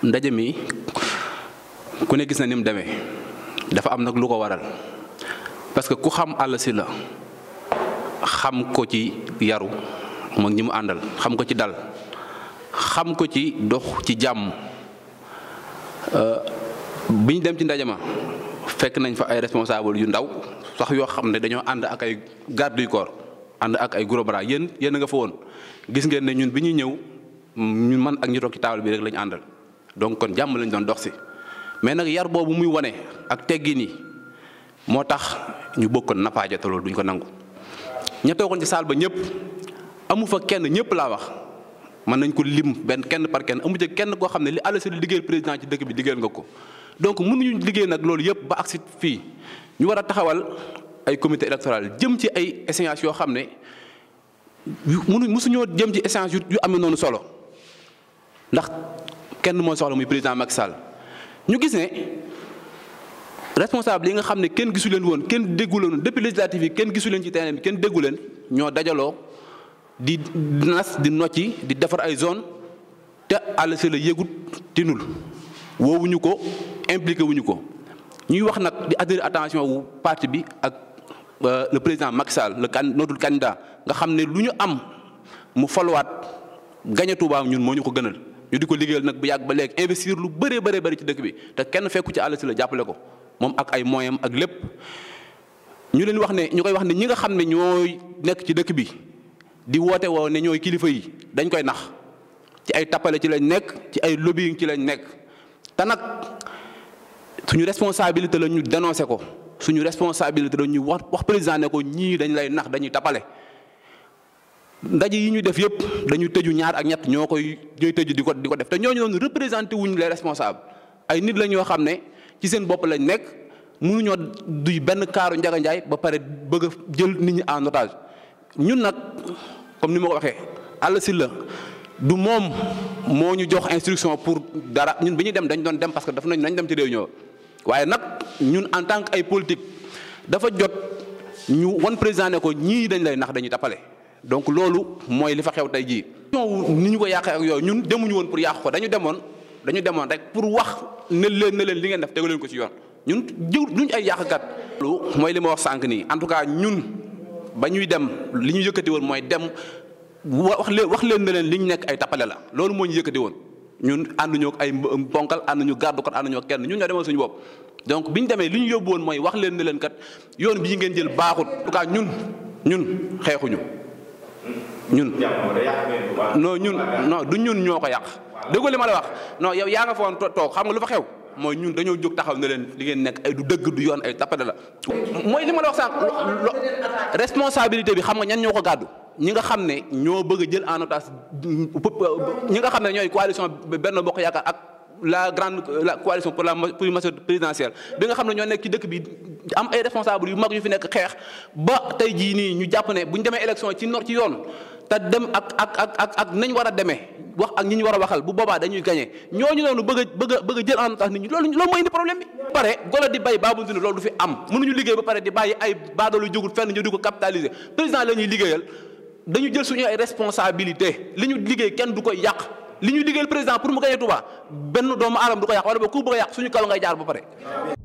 ndaje mi ku ne gis na ni mu demee dafa am nag lu ko waral parce que ku xam Alla la xam ko ci yaru moo ñi mu àndal xam ko ci dal xam ko ci dox ci jàmm euh, bi ñu dem ci ndaje ma fekk nañ fa ay responsable yu ndaw sax yoo xam ne dañoo ànd ak ay garde du corps ànd ak ay gros bras yéen yéen nga fa woon gis ngeen ne ñun bi ñuy ñëw ñu man ak ñu toog ci taabal bi rek lañu àndal. donc kon jàmm lañu doon dox si mais nag yar boobu muy wane ak teggin yi moo tax ñu bokkoon nappaaje te loolu duñ ko nangu ña toogoon ci saal ba ñëpp amu fa kenn ñëpp laa wax mën nañ ko lim benn kenn par kenn amu ca kenn koo xam ne li àll si liggéeyal président ci dëkk bi liggéeyal nga ko. donc mënuñu liggéey nag loolu yëpp ba agsi fii ñu war a taxawal ay commité électoral jëm ci ay échéances yoo xam ne yu mënuñ jëm ci échéances yu amee noonu solo kenn moo soxla muy président Macky Sall ñu gis ne responsable yi nga xam ne kenn gisu leen woon kenn déggu leen depuis législative yi kenn gisu ci terrain bi kenn déggu ñoo dajaloo di nas di nocci di defar ay zone te Alla Sylla la yëgut tinul woowuñu ko impliqué wuñu ko ñuy wax nag di attirer attention wu parti bi ak euh, le président Macky Sall le can notre nga xam ne lu ñu am mu faluwaat gañe Touba ñun moo ñu ko gënal. ñu di ko liggéeyal nag bu yàgg ba léegi investir lu bëree bëree bëri ci dëkk bi te kenn fekku ci Alla la jàppale ko moom ak ay moyens ak lépp ñu leen wax ne ñu koy wax ne ñi nga xam ne ñooy nekk ci dëkk bi di woote woo ne ñooy kilifa yi dañ koy nax ci ay tappale ci lañ nekk ci ay lobbying ci lañ nekk te nag suñu responsabilité la ñu dénoncé ko suñu responsabilité la ñu wax wax président ne ko ñii dañ lay nax dañuy tappale ndaje yi ñu def yëpp dañuy tëju ñaar ak ñett ñoo koy ñooy tëju di ko di ko def te ñooñu noonu représenté wuñ lay responsables ay nit la ñoo xam ne ci seen bopp lañu nekk mënuñoo duy benn kaaru Ndiaga ba pare bëgg jël nit ñi en otage ñun nag comme ni ma ko waxee Alla Sylla du moom moo ñu jox instruction pour dara ñun bi ñuy dem dañ doon dem parce que daf nañ nañ dem ci ñoo waaye nag ñun en tant que ay politique dafa jot ñu wan président ko ñii dañ lay nax dañuy tappale donc loolu mooy li fa xew tey jii. ni ñu ko yàqee ak yooyu ñun demuñu woon pour yàq ko dañu demoon dañu demoon rek pour wax ne leen leen li ngeen def tegu leen ko ci yoon ñun jiw duñ ay yàqkat. loolu mooy li ma wax sànq nii en tout cas ñun ba ñuy dem li ñu yëkkati woon mooy dem wax leen wax leen ne leen li ñu nekk ay tappale la loolu moo ñu yëkkati woon ñun ànduñu ak ay ponkal ànduñu garde ko ànduñu ak kenn ñun ñoo demoon suñu bopp. donc bi ñu demee li ñu yóbbu woon mooy wax leen ne leen kat yoon bii ngeen jël baaxut en tout cas ñun ñun xeexuñu. ñun non ñun non du ñun ñoo ko yàq dëgg li ma la wax non yow yaa nga foon toog xam nga lu fa xew mooy ñun dañoo jóg taxaw ne leen li ngeen nekk ay du dëgg du yoon ay tappale la mooy li ma la wax sànq responsabilité bi xam nga ñan ñoo ko gàddu ñi nga xam ne ñoo bëgg a jël en otage ñi nga xam ne ñooy coalition benn Bokk Yaakaar ak la grande la coalition pour la pour une majorité présidentielle bi nga xam ne ñoo nekk ci dëkk bi am ay responsable yu mag yu fi nekk xeex ba tey jii nii ñu jàpp ne bu ñu demee élection ci nor ci yoon te dem ak ak ak ak ak nañ war a demee wax ak ñi ñu war a waxal bu boobaa dañuy gagné ñoo ñu bëgg a bëgg a bëgg a jël en tax nit ñi loolu loolu mooy indi problème bi. pare golo di bay baabu dund loolu du fi am mënuñu liggéey ba pare di bàyyi ay baadoolu jógul fenn ñu di ko capitaliser président la ñuy liggéeyal dañu jël suñu ay responsabilité li ñu liggéey kenn du koy yàq li ñu digal président pour mu gañe Touba benn doomu aadama du ko yàq wala ba ku bëgg a yàq suñu kaw ngay jaar ba pare.